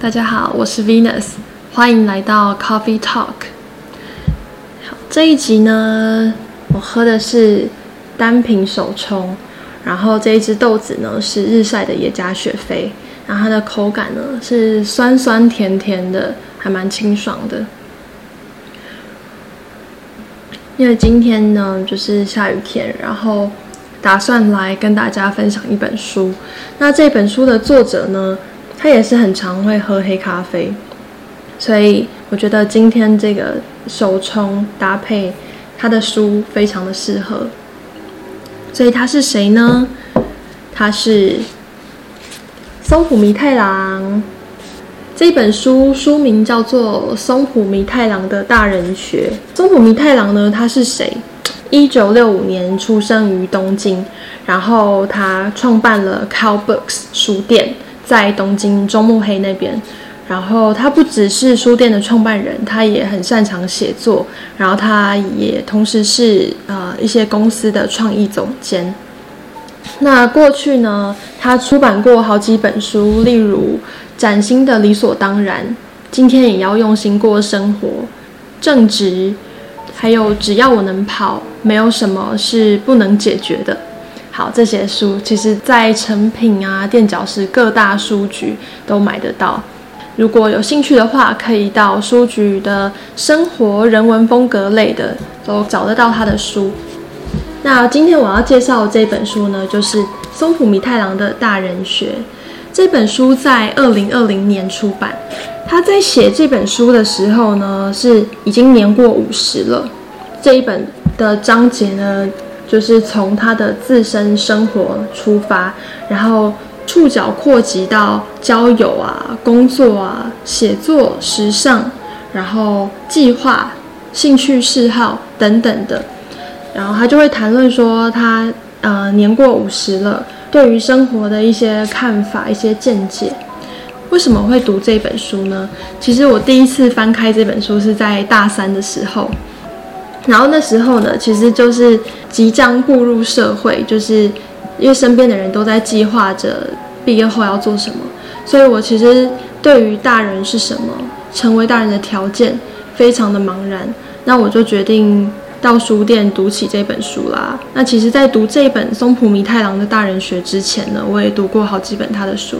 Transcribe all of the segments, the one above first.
大家好，我是 Venus，歡迎來到 Coffee Talk。好，這一集呢，我喝的是單品手沖，然後這一支豆子呢是日曬的耶加雪菲，然後它的口感呢是酸酸甜甜的，還蠻清爽的。因為今天呢就是下雨天，然後打算來跟大家分享一本書，那這本書的作者呢，他也是很常會喝黑咖啡，所以我覺得今天這個手沖搭配他的書非常的適合。所以他是誰呢？他是松浦彌太郎。這本書書名叫做《松浦彌太郎的大人學》。松浦彌太郎呢，他是誰？一九六五年出生於東京，然後他創辦了 Cow Books 書店。在東京中目黑那邊，然後他不只是書店的創辦人，他也很擅長寫作，然後他也同時是呃一些公司的創意總監。那過去呢，他出版過好幾本書，例如《嶄新的理所當然》，《今天也要用心過生活》，《正直》，還有《只要我能跑，沒有什麼是不能解決的》。好，這些書其實，在誠品啊、墊腳石各大書局都買得到。如果有興趣的話，可以到書局的生活、人文、風格類的都找得到他的書。那今天我要介紹的這本書呢，就是松浦彌太郎的《大人學》。這本書在二零二零年出版。他在寫這本書的時候呢，是已經年過五十了。這一本的章節呢。就是從他的自身生活出發，然後觸角擴及到交友啊、工作啊、寫作、時尚，然後計劃、興趣嗜好等等的，然後他就會談論說他呃年過五十了，對於生活的一些看法、一些見解。為什麼會讀這本書呢？其實我第一次翻開這本書是在大三的時候。然後那時候呢，其實就是即將步入社會，就是因為身邊的人都在計劃着畢業後要做什麼，所以我其實對於大人是什麼，成為大人的條件，非常的茫然。那我就決定。到書店讀起這本書啦。那其實，在讀這本松浦彌太郎的《大人學》之前呢，我也讀過好幾本他的書。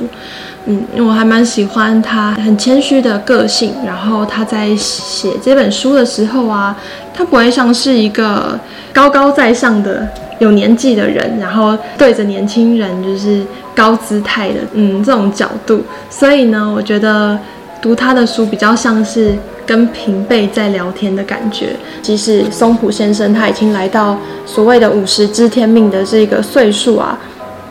嗯，因為我還蠻喜歡他很謙虛的個性。然後他在寫這本書的時候啊，他不會像是一個高高在上的有年紀的人，然後對着年輕人就是高姿態的，嗯，這種角度。所以呢，我覺得讀他的書比較像是。跟平輩在聊天的感覺，即使松浦先生他已經來到所謂的五十知天命的這個歲數啊，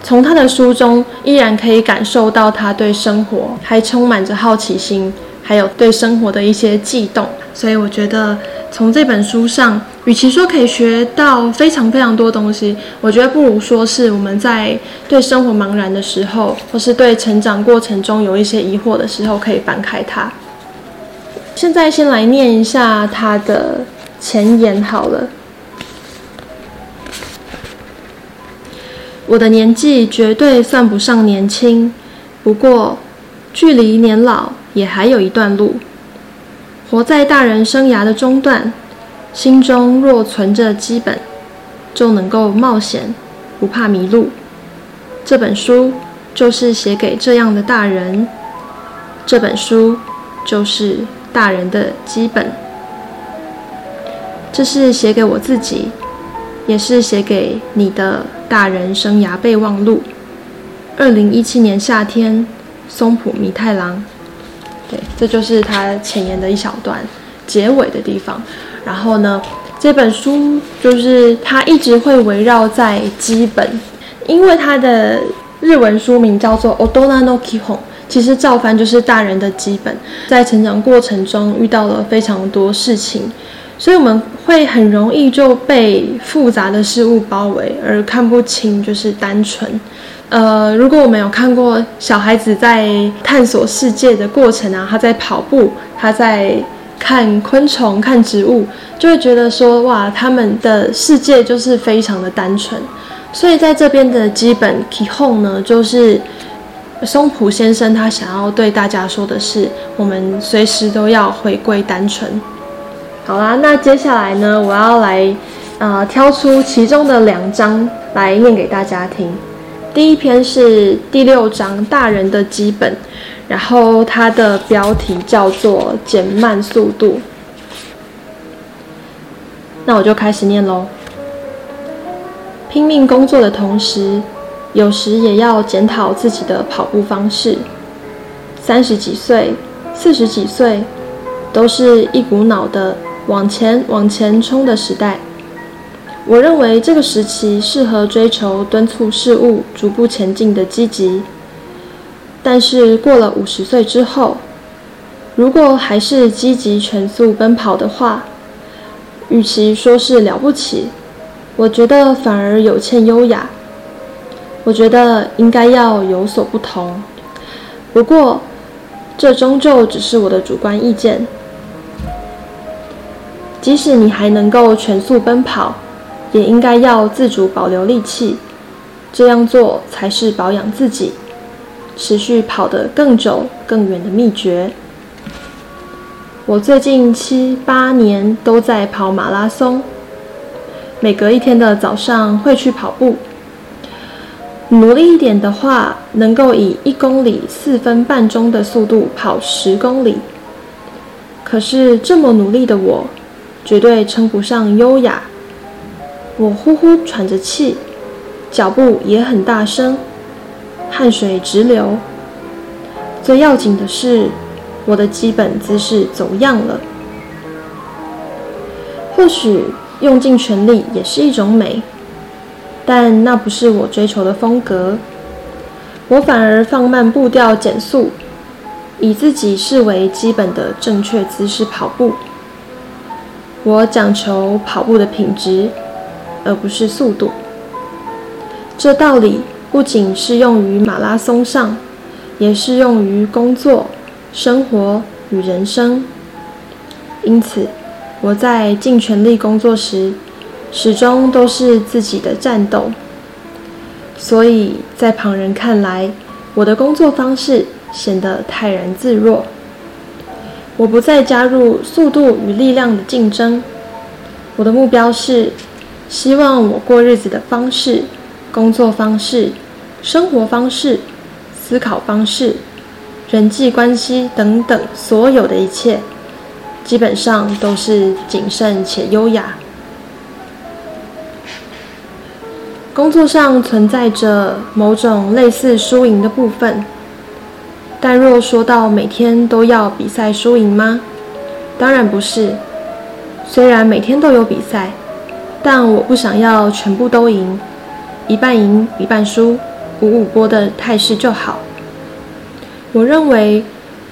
從他的書中依然可以感受到他對生活還充滿着好奇心，還有對生活的一些悸動。所以我覺得從這本書上，與其說可以學到非常非常多東西，我覺得不如說是我們在對生活茫然的時候，或是對成長過程中有一些疑惑的時候，可以翻開它。現在先來念一下他的前言好了。我的年紀絕對算不上年輕，不過距離年老也還有一段路。活在大人生涯的中段，心中若存着基本，就能夠冒險，不怕迷路。這本書就是寫給這樣的大人。這本書就是。大人的基本，這是寫給我自己，也是寫給你的大人生涯備忘錄。二零一七年夏天，松浦彌太郎。對，這就是他前言的一小段，結尾的地方。然後呢，這本書就是他一直會圍繞在基本，因為他的日文書名叫做《noki h o 基紅》。其實造反，就是大人的基本，在成長過程中遇到了非常多事情，所以我們會很容易就被複雜的事物包圍，而看不清就是單純。呃，如果我們有看過小孩子在探索世界的過程啊，他在跑步，他在看昆蟲、看植物，就會覺得說哇，他們的世界就是非常的單純。所以在這邊的基本 key home 呢，就是。松浦先生他想要對大家說的是，我們隨時都要回歸單純。好啦，那接下來呢，我要來，呃，挑出其中的兩章來念給大家聽。第一篇是第六章《大人的基本》，然後它的標題叫做“減慢速度”。那我就開始念嘍。拼命工作的同時。有時也要檢討自己的跑步方式。三十幾歲、四十幾歲，都是一股腦的往前、往前衝的時代。我認為這個時期適合追求敦促事物逐步前進的積極。但是過了五十歲之後，如果還是積極全速奔跑的話，與其說是了不起，我覺得反而有欠優雅。我覺得應該要有所不同，不過這終究只是我的主觀意見。即使你還能夠全速奔跑，也應該要自主保留力氣，這樣做才是保養自己、持續跑得更久更遠的秘訣。我最近七八年都在跑馬拉松，每隔一天的早上會去跑步。努力一點的話，能夠以一公里四分半鐘的速度跑十公里。可是這麼努力的我，絕對稱不上優雅。我呼呼喘着氣，腳步也很大聲，汗水直流。最要緊的是，我的基本姿勢走樣了。或許用盡全力也是一種美。但那不是我追求的風格，我反而放慢步調，減速，以自己視為基本的正確姿勢跑步。我講求跑步的品質，而不是速度。這道理不僅適用於馬拉松上，也適用於工作、生活與人生。因此，我在盡全力工作時，始終都是自己的戰鬥，所以在旁人看來，我的工作方式顯得泰然自若。我不再加入速度與力量的競爭，我的目標是，希望我過日子的方式、工作方式、生活方式、思考方式、人際關係等等所有的一切，基本上都是謹慎且優雅。工作上存在着某種類似輸贏的部分，但若說到每天都要比賽輸贏嗎？當然不是。雖然每天都有比賽，但我不想要全部都贏，一半贏一半輸，五五波的態勢就好。我認為，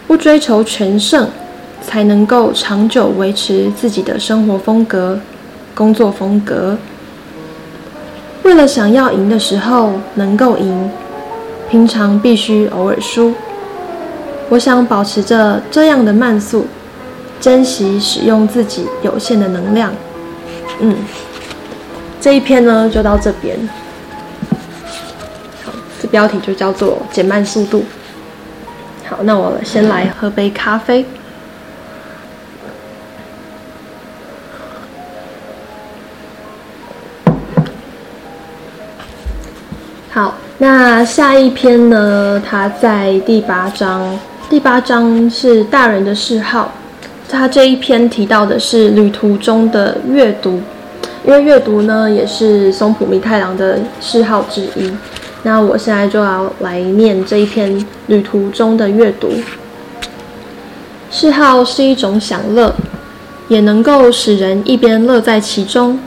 不追求全勝，才能夠長久維持自己的生活風格、工作風格。為了想要贏的時候能夠贏，平常必須偶爾輸。我想保持着這樣的慢速，珍惜使用自己有限的能量。嗯，這一篇呢就到這邊。好，這標題就叫做減慢速度。好，那我先來喝杯咖啡。好，那下一篇呢？它在第八章，第八章是大人的嗜好。它這一篇提到的是旅途中的閱讀，因為閱讀呢也是松浦彌太郎的嗜好之一。那我現在就要來念這一篇旅途中的閱讀。嗜好是一種享樂，也能夠使人一邊樂在其中，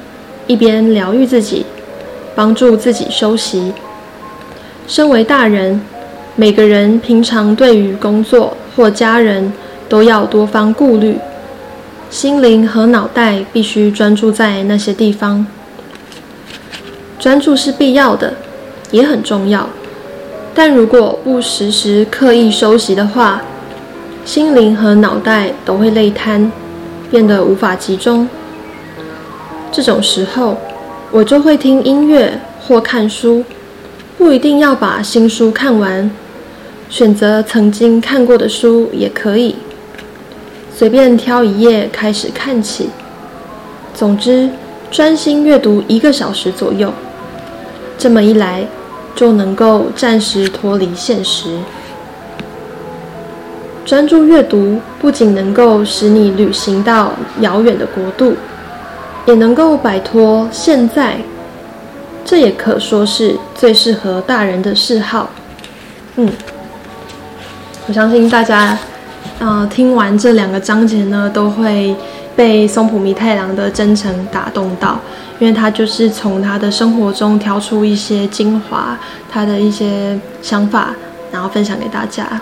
一邊療癒自己，幫助自己休息。身為大人，每個人平常對於工作或家人，都要多方顧慮，心靈和腦袋必須專注在那些地方。專注是必要的，也很重要，但如果不時時刻意休息的話，心靈和腦袋都會累癱，變得無法集中。這種時候，我就會聽音樂或看書。不一定要把新書看完，選擇曾經看過的書也可以，隨便挑一頁開始看起。總之，專心閱讀一個小時左右，這麼一來就能夠暫時脫離現實。專注閱讀不僅能夠使你旅行到遙遠的國度，也能夠擺脫現在。這也可說是最適合大人的嗜好，嗯，我相信大家，呃，聽完這兩個章節呢，都會被松浦彌太郎的真誠打動到，因為他就是從他的生活中挑出一些精華，他的一些想法，然後分享給大家。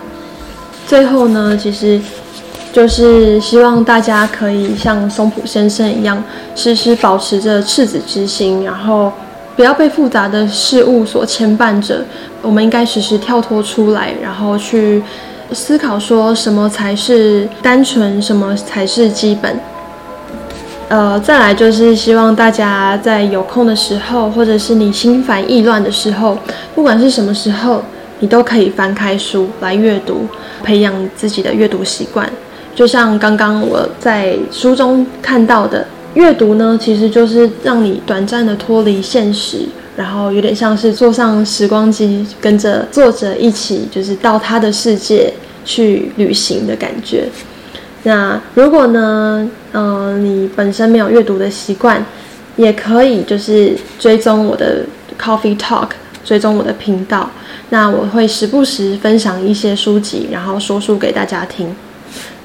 最後呢，其實就是希望大家可以像松浦先生一樣，時時保持着赤子之心，然後。不要被複雜的事物所牽絆着，我們應該時時跳脫出來，然後去思考說什麼才是單純，什麼才是基本。呃，再來就是希望大家在有空的時候，或者是你心煩意亂的時候，不管是什麼時候，你都可以翻開書來閱讀，培養自己的閱讀習慣。就像剛剛我在書中看到的。閱讀呢，其實就是讓你短暫的脫離現實，然後有點像是坐上時光機，跟着作者一起，就是到他的世界去旅行的感覺。那如果呢，嗯，你本身沒有閱讀的習慣，也可以就是追蹤我的 Coffee Talk，追蹤我的頻道。那我會時不時分享一些書籍，然後說書給大家聽。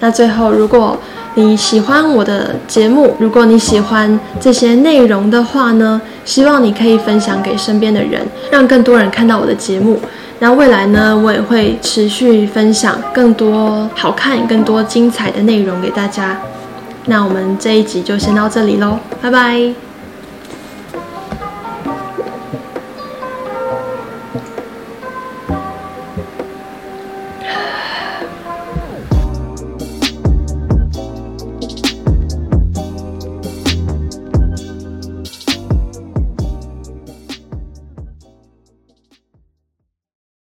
那最後如果你喜歡我的節目，如果你喜歡這些內容的話呢，希望你可以分享給身邊的人，讓更多人看到我的節目。那未來呢，我也會持續分享更多好看、更多精彩的內容給大家。那我們這一集就先到這裡嘍，拜拜。